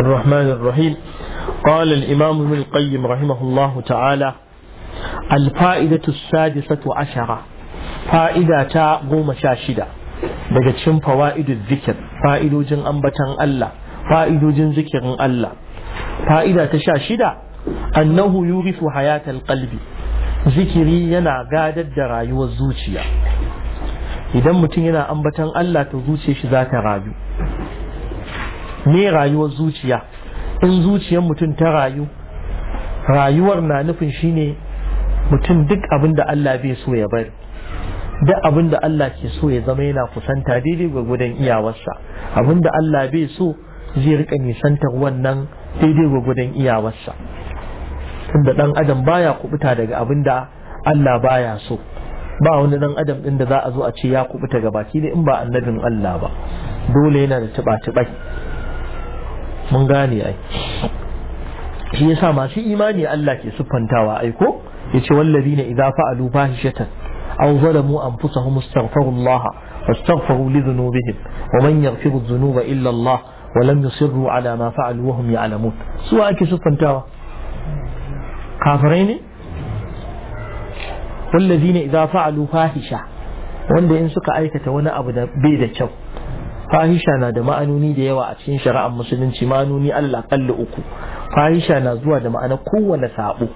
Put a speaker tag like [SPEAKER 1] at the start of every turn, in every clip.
[SPEAKER 1] الرحمن الرحيم قال الإمام ابن القيم رحمه الله تعالى الفائدة السادسة عشرة فائدة تاقوم شاشدة دقتشم فوائد الذكر فائد جن أنبتا الله فائد جن ذكر الله فائدة تشاشدة أنه يورث حياة القلب ذكري ينا قاد الدراي والزوجية إذا متين أنبتا الله تزوجي شذات راجو me rayuwar zuciya in zuciyar mutum ta rayu rayuwar na nufin shine mutum duk abin da Allah bai so ya bari duk abin da Allah ke so ya zama yana kusanta daidai gwagwadon iyawarsa abin da Allah bai so zai rika nisantar wannan daidai gwagwadon iyawarsa tunda dan adam baya kubuta daga abin da Allah baya so ba wani dan adam din da za a zo a ce ya kubuta ga baki da in ba annabin Allah ba dole yana da tuba-tubai mun gane ai shi yasa masu imani Allah ke siffantawa ai ko yace wallazina idza fa'alu fahishatan aw zalamu anfusahum astaghfirullaha wastaghfiru li dhunubihim wa man yaghfiru dhunuba illa Allah wa lam yusirru ala ma fa'alu wa hum ya'lamun su ake siffantawa kafirai ne wallazina idza fa'alu fahisha wanda in suka aikata wani abu da bai da kyau fahisha na da ma'anoni da yawa a cikin shari'ar musulunci ma'anoni Allah kalla uku fahisha na zuwa da ma'ana kowane sabo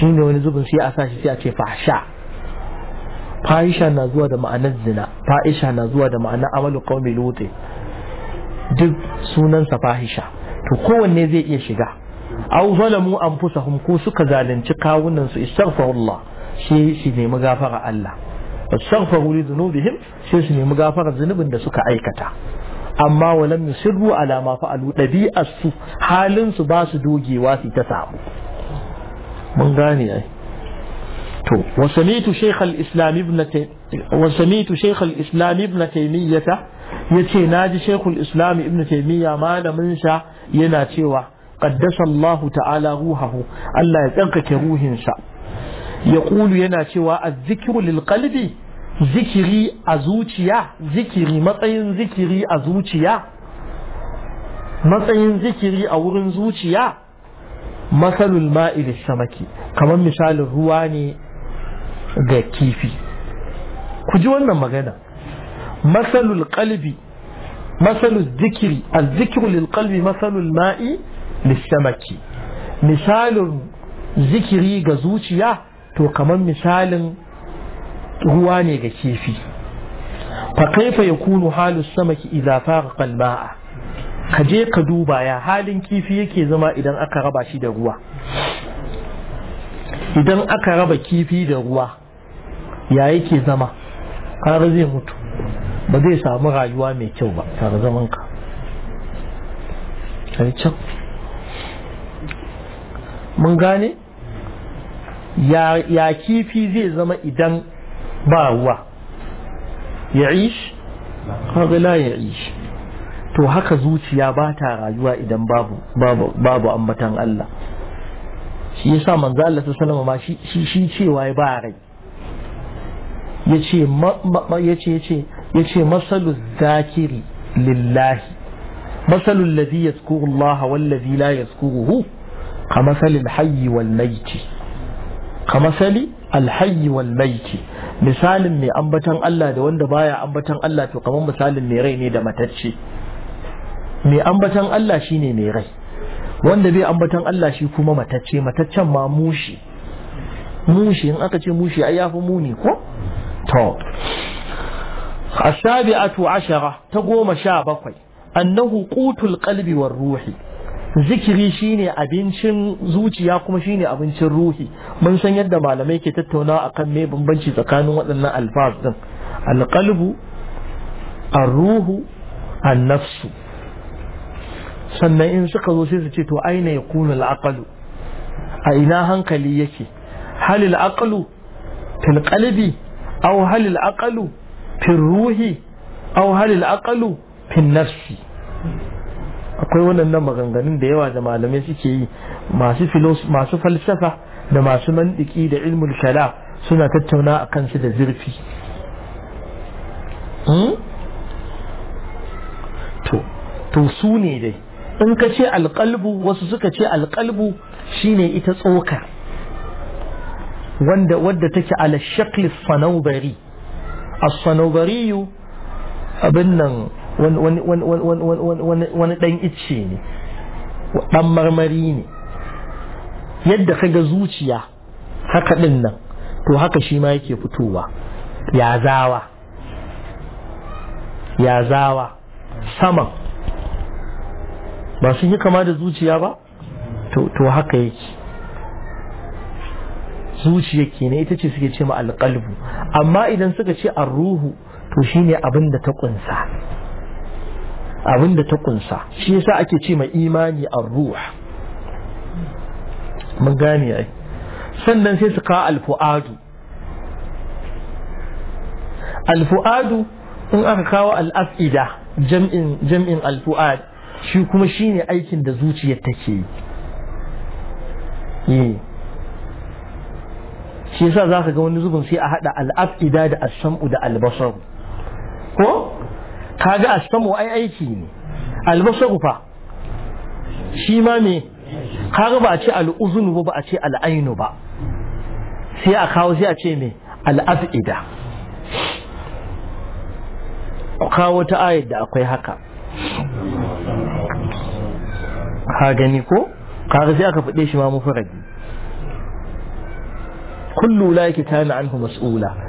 [SPEAKER 1] shi ne wani zubin sai a sa shi sai a ce fahsha fahisha na zuwa da ma'anar zina fahisha na zuwa da ma'anar amalu kawai lote duk sunansa fahisha to kowanne zai iya shiga aw zalamu anfusahum ko suka zalunci kawunan su istaghfirullah shi shi nemi gafara Allah واستغفروا لذنوبهم سيسني مغافرة ذنوب ان سكا ايكتا اما ولم يسروا على ما فعلوا دبيئة سو حالن سو باس دوجي واسي تسعبوا من غاني اي تو وسميت شيخ الاسلام ابن وسميت شيخ الاسلام ابن تيمية يتي ناجي شيخ الاسلام ابن تيمية ما لمنسى ينا تيوا قدس الله تعالى روحه الله يتنقك روحنسا yaqulu yana cewa a zikru lil zikiri a zuciya zikiri matsayin zikiri a zuciya matsayin zikiri a wurin zuciya masalul ma'i samaki kamar misalin ruwa ne ga kifi ku ji wannan magana masalul kalbi masalul zikiri al-zikru lil qalbi masalul ma'i lissamaki misalin zikiri ga zuciya to kamar misalin ruwa ne ga kifi fa kaifa yakunu halu samaki idza faqa qalba'a ka je ka duba ya halin kifi yake zama idan aka raba shi da ruwa idan aka raba kifi da ruwa ya yake zama kaga zai mutu ba zai samu rayuwa mai kyau ba tare zaman ka mun gane ya kifi zai zama idan ba ruwa ya ish la ya ishi. to haka zuciya ba ta rayuwa idan babu babu ambatan Allah shi yasa manzo Allah sallallahu ma shi shi cewa ba rai yace yace yace yace masalu zakiri lillahi masalu alladhi yazkuru Allah wal ladhi la yazkuruhu kamasalil hayyi wal mayti kamasali alhayyi wal maiti misalin mai ambatan Allah da wanda baya ambatan Allah to kamar misalin mai rai ne da matacce mai ambatan Allah shine mai rai wanda bai ambatan Allah shi kuma matacce mataccen ma mushi mushi in aka ce mushi ai yafi muni ko to السابعة عشرة تقوم شابقي أنه قوت القلب والروح zikiri shine abincin zuciya kuma shine abincin ruhi mun san yadda malamai ke tattaunawa akan me bambanci tsakanin waɗannan alfaz din alqalbu arruhu annafsu sannan in suka zo sai su ce to aina kuna alaqalu a ina hankali yake halil alaqalu fil qalbi aw hal alaqalu fil ruhi aw hal alaqalu fil nafsi akwai wannan maganganun da yawa da malamai suke yi masu falsafa da masu mandiki da ilmul kala suna tattauna a kansu da zurfi hmm? to su ne dai in ka ce alƙalbu wasu suka ce alƙalbu shine ita tsoka wanda wadda take ala shakli sanawbari as-sanawbariyu abin nan wani ɗan icce ne ɗan marmari ne yadda ka ga zuciya haka ɗin nan to haka shi ma yake fitowa ya zawa ya zawa saman ba sun yi kama da zuciya ba to haka yake zuciya kenan ita ce suke ce ma alƙalbu amma idan suka ce ruhu to ne abin da ta ƙunsa abin da ta kunsa shi yasa ake ce mai imani a ruwa. mun gane ai sannan sai su ka alfu'adu. Alfu'adu in aka kawo al'afida afida jam'in jam'in al shi kuma shine aikin da zuciyar take yi eh. shi yasa zaka ga wani zubin sai a hada al'afida da as da albasar ko kaga a samu ai aiki ne albasaru fa shi ma me kaga ba a ce al'uzunu ba ba a ce al'ainu ba sai a kawo sai a ce me al'af'ida Ku kawo ta ayar da akwai haka ka gani ko kaga sai aka fade shi ma mufradi kullu la yake anhu mas'ula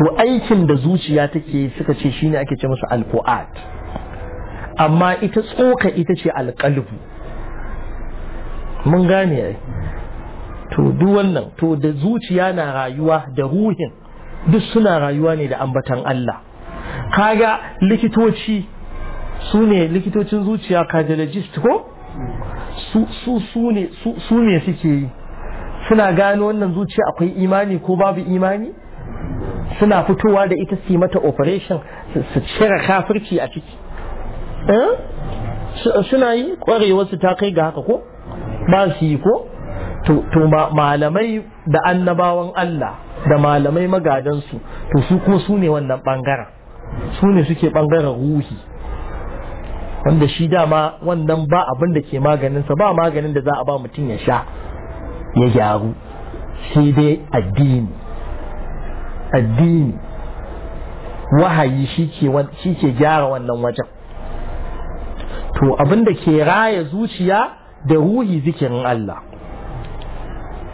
[SPEAKER 1] to aikin da zuciya take suka ce shine ake ce masa alquat amma ita tsoka ita ce alqalbu mun gane to duk wannan to da zuciya na rayuwa da ruhin duk suna rayuwa ne da ambatan Allah kaga likitoci su ne likitocin zuciya cardiologist ko su ne suke yi suna gano wannan zuciya akwai imani ko babu imani suna fitowa da ita su mata operation su cire kafirci a ciki eh? suna yi su ta kai ga haka ko ba su yi ko to malamai da annabawan Allah da malamai magadansu to su kuma su ne wannan bangaren su ne suke bangaren ruhi wanda shi dama wannan ba abin da ke maganinsa ba maganin da za a ba mutum ya sha ya gyaru sai dai addini addini wahayi shi ke gyara wannan wajen to abinda ke raya zuciya da ruhi zikirin Allah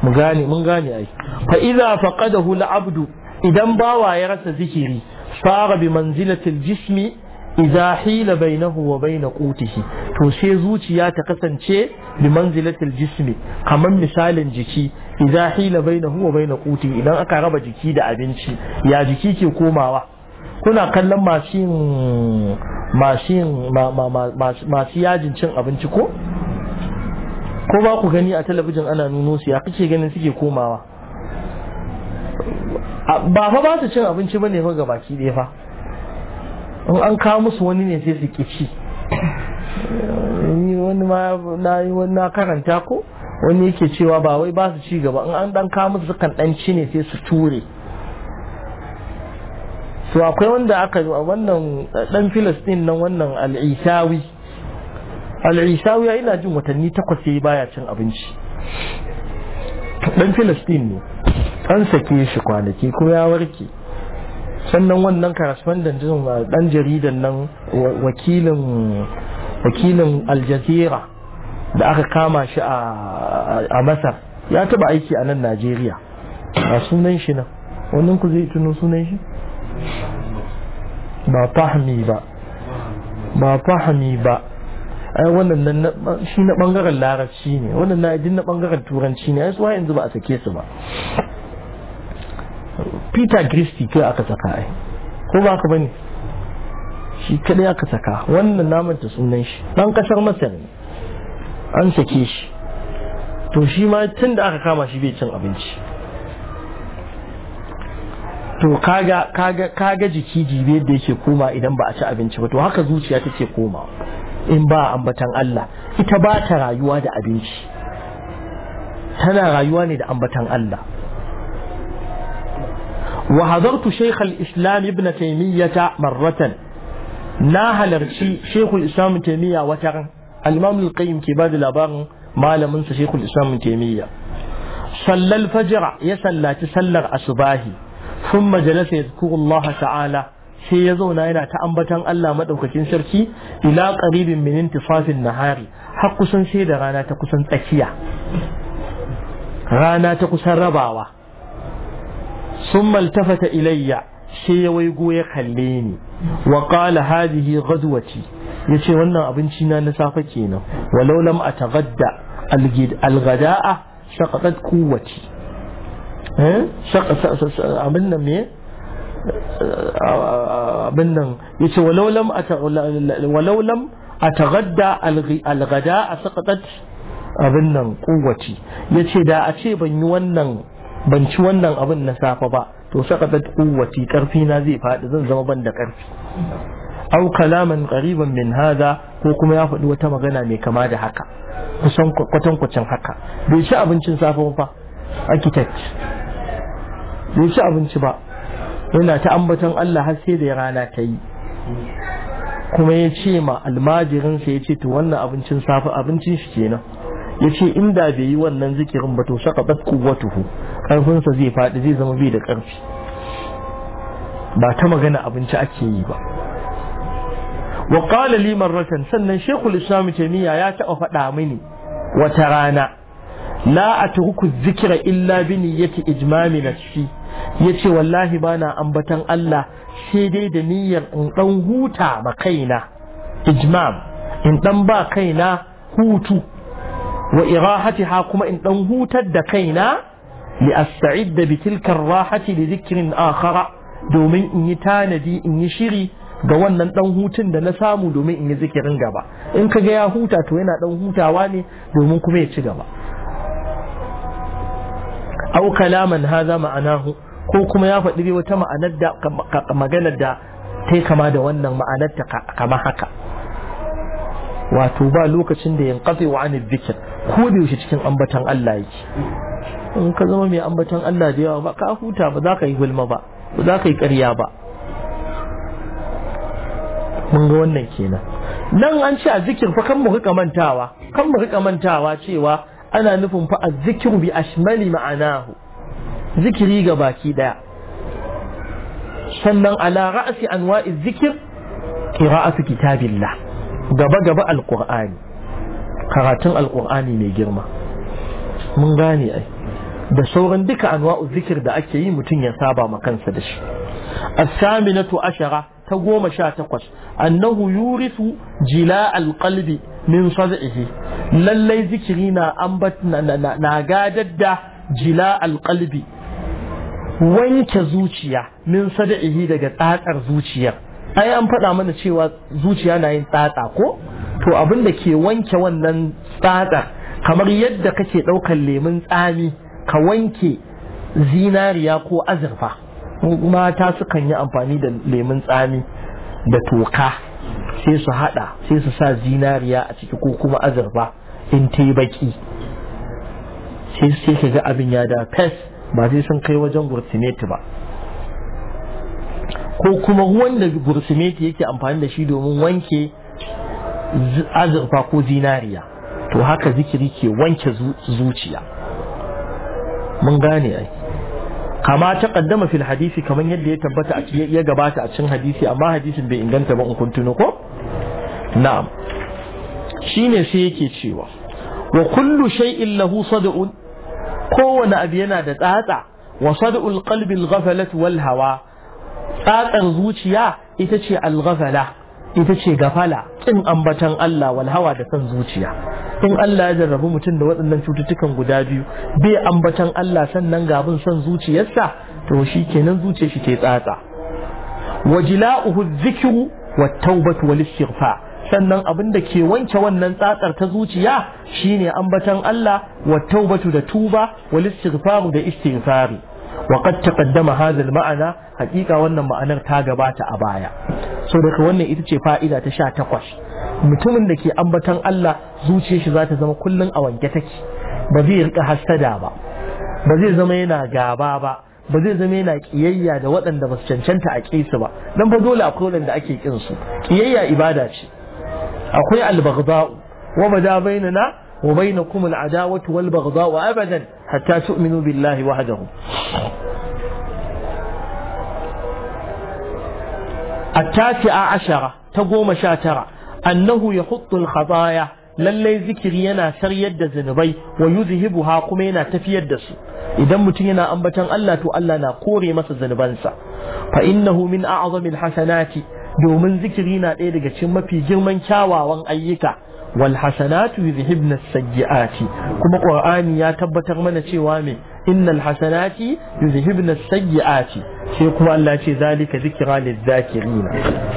[SPEAKER 1] mun gane ai fa idza faqadahu al-abdu idan bawa ya rasa zikiri fara bi manzilatil jismi idza hila bainahu wa bain qutihi to sai zuciya ta kasance bi manzilatil jismi kamar misalin jiki idza hila bainahu wa bain quti idan aka raba jiki da abinci ya jiki ke komawa kuna kallon mashin mashin masu yajin cin abinci ko ko ba ku gani a talabijin ana nuno su ya kake ganin suke komawa ba fa ba su cin abinci bane fa gabaki ɗaya fa in an kawo musu wani ne sai su kici ci wani ma na karanta ko wani yake cewa ba wai ba su ci gaba in an dan kawo su kan dan ci ne sai su ture to akwai wanda aka yi wannan dan filistin nan wannan al'isawi al'isawi ya jin watanni takwas sai baya cin abinci dan filistin ne an sake shi kwanaki ko ya warke sannan wannan correspondent din dan jaridan nan wakilin wakilin da aka kama shi a masar ya taba aiki a nan najeriya a sunan shi nan wannan ku zai tuno sunan shi ba fahmi ba ba fahmi ba ai wannan nan shi na bangaren larabci ne wannan na na bangaren turanci ne ai su yanzu ba a sake su ba peter gristi kai aka saka ai ko ba ka bane shi kadai aka saka wannan namanta sunan shi dan kasar masar ne an sake shi to shi ma tun da aka kama shi bai cin abinci to kaga kaga jiki jibe da yake koma idan ba a ci abinci ba to haka zuciya take koma in ba ambatan Allah ita ba ta rayuwa da abinci tana rayuwa ne da ambatan Allah wa hadartu shaykh al-islam ibn taymiyyah marratan na halarci al islam taymiyyah wataran al-imam al-qayyim ke bada labarin malamin sa shaykhul islam taymiya sallal fajr ya sallaci sallar asubahi thumma jalasa yadhkuru Allah ta'ala sai ya zauna yana ta ambatan Allah madaukakin sarki ila qaribin min intifafin nahari har kusan sai da rana ta kusan tsakiya rana ta kusan rabawa sun maltafata ilayya sai ya waigo ya kalle ni wa qala hadhihi ghadwati ya ce wannan abinci na na safe kenan walau lam a tagadda algada'a shaƙaƙat kowace. Eh? abin nan me eh, abin nan ya ce walau lam a tagadda algada'a shaƙaƙat abin nan kowace. ya ce da a ce ban yi wannan ban ci wannan abin na safe ba to shaƙaƙat kowace karfi na zai faɗi zan zama ban da karfi. aw kalaman qariban min hada ko kuma ya faɗi wata magana mai kama da haka kusan kwacin haka bai ci abincin safe ba architect bai ci abinci ba yana ta ambaton Allah har sai da rana ta yi kuma ya ce ma almajirinsa ya ce to wannan abincin safe abincin shi kenan ya ce inda bai yi wannan zikirin ba to shaka bat kuwatuhu ƙarfinsa zai faɗi zai zama bai da karfi ba ta magana abinci ake yi ba وقال لي مرة سنن شيخ الإسلام تيمية يا تأفى دعمني وترانا لا أترك الذكر إلا بنية إجمام نفسي يتي والله بانا أنبتن الله سيدي دنيا انقن هوتا مقينا إجمام انقن باقينا هوتو وإراحة حاكم انقن هوتا دقينا لأستعد بتلك الراحة لذكر آخر دومين إنتان إن إنشيري ga wannan dan hutun da na samu domin in yi zikirin gaba in ka ga ya huta to yana dan hutawa ne domin kuma ya ci gaba au kalaman haza ma'anahu ko kuma ya faɗi wata ma'anar da maganar da ta kama da wannan ma'anar ta kama haka wato ba lokacin da yin kafe wa anil zikir ko da yaushe cikin ambatan Allah yake in ka zama mai ambatan Allah da yawa ba ka huta ba za ka yi gulma ba ba za ka yi ƙarya ba mun ga wannan kenan nan an ce a zikir fa kan mu rika mantawa kan mu rika mantawa cewa ana nufin fa azzikir bi ashmali ma'anahu zikiri ga baki daya sannan ala ra'si anwa'i zikir qira'atu kitabillah gaba gaba alqur'ani karatun alqur'ani mai girma mun gane ai da sauran duka anwa'u zikir da ake yi mutum ya saba ma kansa da shi as-saminatu ashara ta goma sha takwas annahu yurisu jila alqalbi min sad'ihi lallai zikiri na ambat na gadar da jila alqalbi wanke zuciya min sad'ihi daga tsatsar zuciyar ai an faɗa mana cewa zuciya na yin tsatsa ko to abin da ke wanke wannan tsatsar kamar yadda kake ɗaukar lemun tsami ka wanke zinariya ko azurfa mata sukan yi amfani da lemun tsami da toka sai su hada sai su sa zinariya a ciki ko kuma azurfa in ta yi baki sai su ka ga abin ya da fes ba sai sun kai wajen gursimeti ba ko kuma ruwan da gursimeti yake amfani da shi domin wanke azurfa ko zinariya to haka zikiri ke wanke zuciya mun gane ai kama ta kaddama fil hadisi kamar yadda ya tabbata ya gabata a cikin hadisi amma hadisin bai inganta ba in kun tuno ko na'am shine sai yake cewa wa kullu shay'in lahu sad'un kowane abu yana da tsatsa wa sad'ul qalbi al-ghafalat wal hawa tsatsar zuciya ita ce al-ghafala ita ce gafala kin ambatan Allah wal hawa da san zuciya in Allah ya jarrabu mutum da waɗannan cututtukan guda biyu bai ambatan Allah sannan gabin son zuciyarsa to shi kenan zuciyar shi ke tsatsa wajila'uhu zikiru wat tawbatu wal istighfar sannan abin da ke wanke wannan tsatsar ta zuciya shine ambatan Allah wa taubatu da tuba wal istighfaru da istighfari wa qad taqaddama hadha al ma'ana haqiqa wannan ma'anar ta gabata a baya so daga wannan ita ce fa'ida ta 18 mutumin da ke ambaton Allah zuciyar shi za ta zama kullun a wanke take ba zai rika hasada ba ba zai zama yana gaba ba ba zai zama yana kiyayya da waɗanda ba su cancanta a kisa ba dan ba dole akwai waɗanda ake kin su kiyayya ibada ce akwai albaghda wa bada bainana wa bainakum al'adawatu wal baghda wa abadan hatta tu'minu billahi wahdahu التاسعة عشرة تقوم شاترة أنه يحط الخطايا lallai zikiri yana sharyar da zunubai wa yuzhibuha kuma yana tafiyar da su idan mutum yana ambaton Allah to Allah na kore masa zunubansa fa innahu min a'zamil hasanati domin zikiri na ɗaya daga cikin mafi girman kyawawan ayyuka wal hasanatu yuzhibna sayyiati kuma qur'ani ya tabbatar mana cewa me innal hasanati yuzhibna sayyiati sai kuma Allah ce zalika zikra lizakirina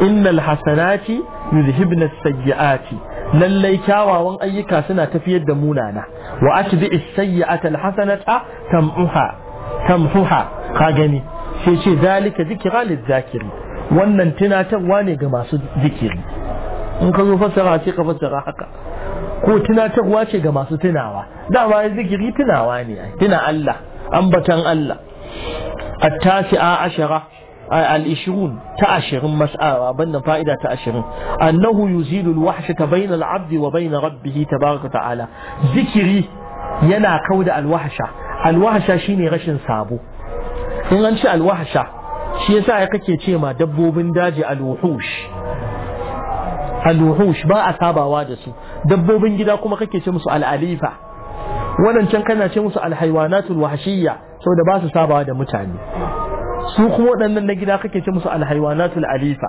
[SPEAKER 1] innal hasanati yuzhibna sayyiati lallai kyawawan ayyuka suna tafiyar da munana wa atbi'is sayyi'ata alhasanata tam'uha tamhuha ka gani sai ce zalika zikra lizakiri wannan tunatarwa ne ga masu zikiri in ka zo fasara sai ka fasara haka ko tunatarwa ce ga masu tunawa dama ya zikiri tunawa ne tuna Allah ambatan Allah التاسعة عشرة آه، الاشرون تأشر آه، بنا فائدة تأشر أنه يزيل الوحشة بين العبد وبين ربه تبارك وتعالى ذكري ينا كود الوحشة الوحشة شيني غشن صابو إن أنشأ الوحشة شيء سائق كي ما دبو بن داجي الوحوش الوحوش ما أصابا واجسو دبو بن جدا كما كي تمسو الأليفة wannan can kana ce musu alhaiwanatul wahshiyya saboda ba su saba su kuma waɗannan na gida kake ce musu alhaywanatul alifa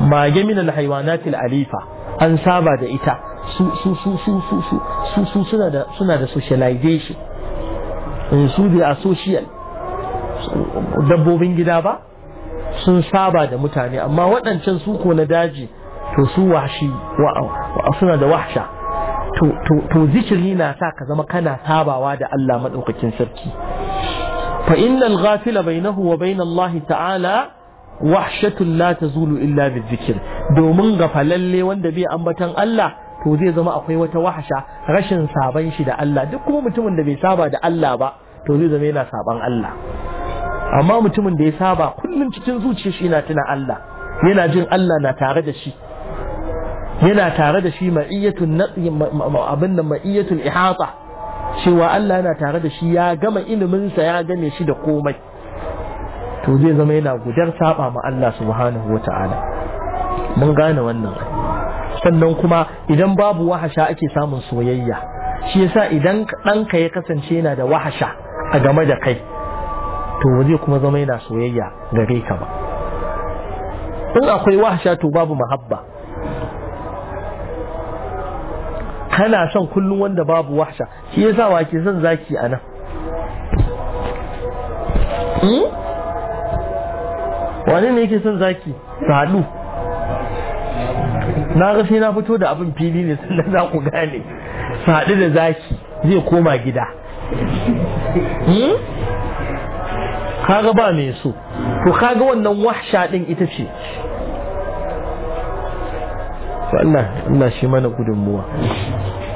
[SPEAKER 1] mage min alhaywanatul alifa an saba da ita su su su su su su su suna da suna da socialization in eh, su da social dabbobin gida ba sun saba da mutane amma waɗancan su ko na daji to su washi wa suna da wahsha to zikiri na sa ka zama kana sabawa da Allah maɗaukakin sarki فإن الغافل بينه وبين الله تعالى وحشة لا تزول إلا بالذكر domin gafalalle wanda bai ambatan Allah to zai zama akwai wata wahasha rashin saban shi da Allah duk kuma mutumin da bai saba da Allah ba to zai zama yana saban Allah amma mutumin da ya saba kullum cikin zuciyar shi yana tuna Allah yana jin Allah na tare da shi yana tare da shi ma'iyatul abin nan ma'iyatul ihata cewa Allah yana tare da shi ya gama iliminsa ya gane shi da komai to zai zama yana gudar saba ma Allah subhanahu wata'ala mun gane wannan sannan kuma idan babu wahasha ake samun soyayya shi yasa idan ɗanka ya kasance yana da wahasha a game da kai to zai kuma zama yana soyayya gare ka ba in akwai wahasha to babu mahabba kana son kullum wanda babu wahsha shi yasa wa ke son zaki a nan hmm? wane ne yake son zaki su na ga sai na fito da abin fili ne sannan za ku gane su haɗu da zaki zai koma gida hmm? kaga ba mai so to kaga wannan wahsha ɗin ita ce Allah Allah shi mana gudunmuwa